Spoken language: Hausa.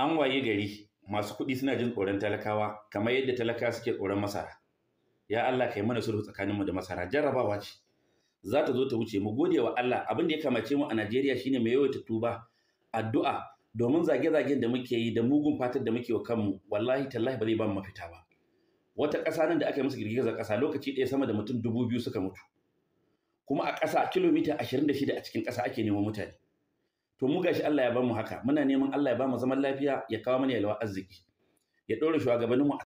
an waye gari masu kuɗi suna jin tsoron talakawa kamar yadda talakawa suke tsoron masara ya Allah kai mana sulhu tsakaninmu da masara jarrabawa ce za ta zo ta wuce mu gode wa Allah abin da ya kamace mu a Najeriya shine mai yawaita tuba addu'a domin zage-zagen da muke yi da mugun fatar da muke wa kanmu wallahi tallahi ba zai ba mu mafita ba wata ƙasa nan da aka yi musu girgizar ƙasa lokaci ɗaya sama da mutum dubu biyu suka mutu kuma a ƙasa kilomita ashirin da shida a cikin ƙasa ake neman mutane to mu gashi Allah ya bamu haka muna neman Allah ya bamu zaman lafiya ya kawo mana yalwa arziki ya ɗora shugabanninmu a